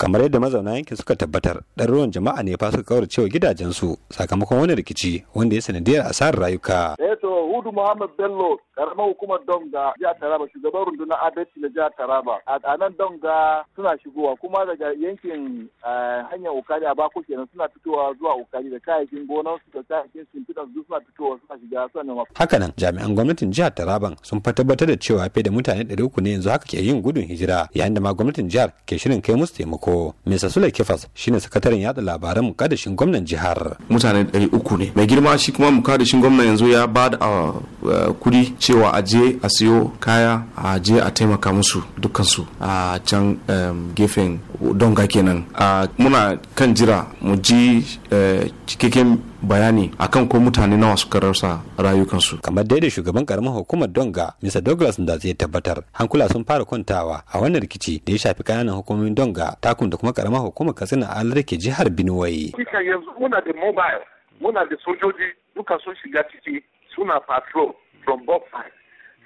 kamar yadda mazauna yankin suka tabbatar ɗaruruwan jama'a ne fa suka kawar cewa gidajensu sakamakon wani rikici wanda ya sanadiyar asarar rayuka. Eto eh Hudu Muhammad Bello karamar hukumar donga jihar taraba shugaban rundunar adalci e na jihar taraba a nan donga suna shigowa kuma daga yankin eh, hanyar ukari a bako kenan suna fitowa zuwa ukari da kayayyakin gonar su da kayayyakin shimfiɗan su suna fitowa suna shiga suna nema. hakanan jami'an gwamnatin jihar taraban sun tabbatar da cewa fiye da mutane ɗari uku ne yanzu haka ke yin gudun hijira yayin da ma gwamnatin jihar ke shirin kai musu taimako. Mr. Sule Kefas shine sakataren yada labaran mukaddashin gwamnan jihar. Mutane ɗari uku ne. Mai girma shi kuma mukaddashin gwamnan yanzu ya ba da eh, kudi. cewa a je a siyo kaya a je a taimaka musu dukansu a can gefen donga kenan muna kan jira mu ji eh, cikakken bayani akan ko mutane nawa suka rasa rayukansu kamar dai da shugaban karamin hukumar donga mr douglas da zai tabbatar hankula sun fara kwantawa a wannan rikici da ya shafi kananan hukumomin donga takun da kuma karamar hukumar katsina a alarke jihar binuwai yanzu muna da mobile muna da sojoji duka sun shiga ciki suna patrol from both sides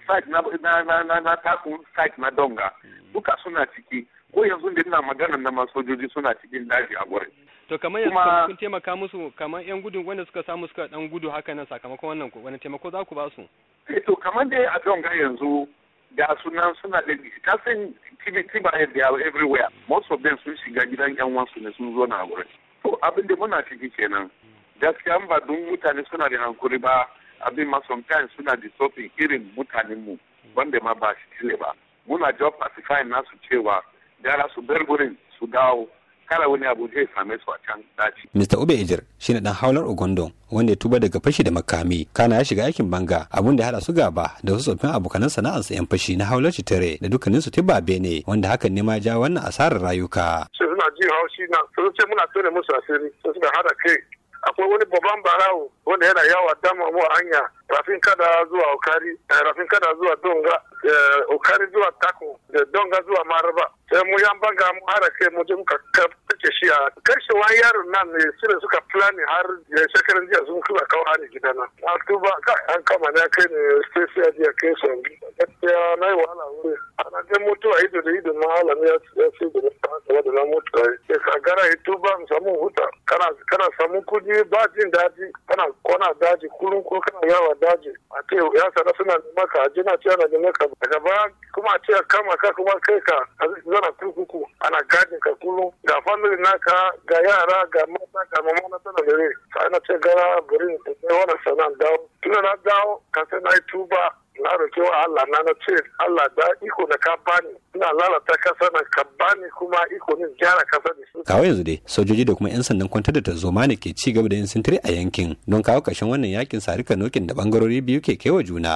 site na na na na takun site na donga mm. duka suna ciki ko yanzu da na magana na masu sojoji suna cikin daji a gurin to kamar yanzu kun taimaka musu kamar yan gudun wanda suka samu suka dan gudu haka nan sakamakon wannan ko wani taimako za ku ba su eh to kamar dai a donga yanzu ga sunan suna da kasan tiba they are everywhere most of them sun shiga gidan yan wansu ne sun zo na gurin to abin da muna ciki kenan gaskiya ba dun mutane suna da hankuri ba abin ma sometimes suna disturbing irin mutanen mu wanda ma ba shi ne ba muna job pacifying nasu cewa gara su bar gurin su dawo kara wani abu zai same su a can daji. Mr. Ube Ejir shine dan haular Ogondo wanda ya tuba daga fashi da makami kana ya shiga aikin banga abun da ya hada su gaba da wasu tsoffin abokanan sana'arsa yan fashi na haular tare da dukkanin su tibabe ne wanda hakan ne ma ja wannan asarar rayuka. Sai suna ji haushi na sun ce muna tone musu asiri sai suka hada kai akwai wani babban barawo wanda yana yawa dama mu hanya rafin kada zuwa okari eh, rafin kada zuwa donga okari eh, zuwa tako eh, donga zuwa maraba sai mu yan banga mu hada kai mu jin muka kace shi a wani yaron nan ne su da suka plani har shekarun jiya sun kuka kawo hari gida na a tuba an kama na kai ne station jiya kai su gaskiya na yi wahala wuri a na kai mutu a ido da ido ma ne ya sai da ta haka da na yi sai ka gara ya tuba mu samu huta kana kana samu kuɗi ba jin daji kana kona daji kullum ko kana yawa daji a ce ya sana suna maka a jina ce ana maka daga baya kuma a ce kama ka kuma kai ka kana kurkuku ana gadin ka kullum ga family naka ga yara ga mata ga mama na tana dare sai na ce gara bari da sai wannan sanan dawo tunda na dawo ka sai na tuba na roƙi wa Allah na na ce Allah da iko na ka bani ina lalata kasa na ka bani kuma iko ne gyara kasa da su. Kawai yanzu dai sojoji da kuma 'yan sandan kwantar da tarzoma ne ke ci gaba da yin sintiri a yankin don kawo ƙarshen wannan yakin sarika nokin da bangarori biyu ke kaiwa juna.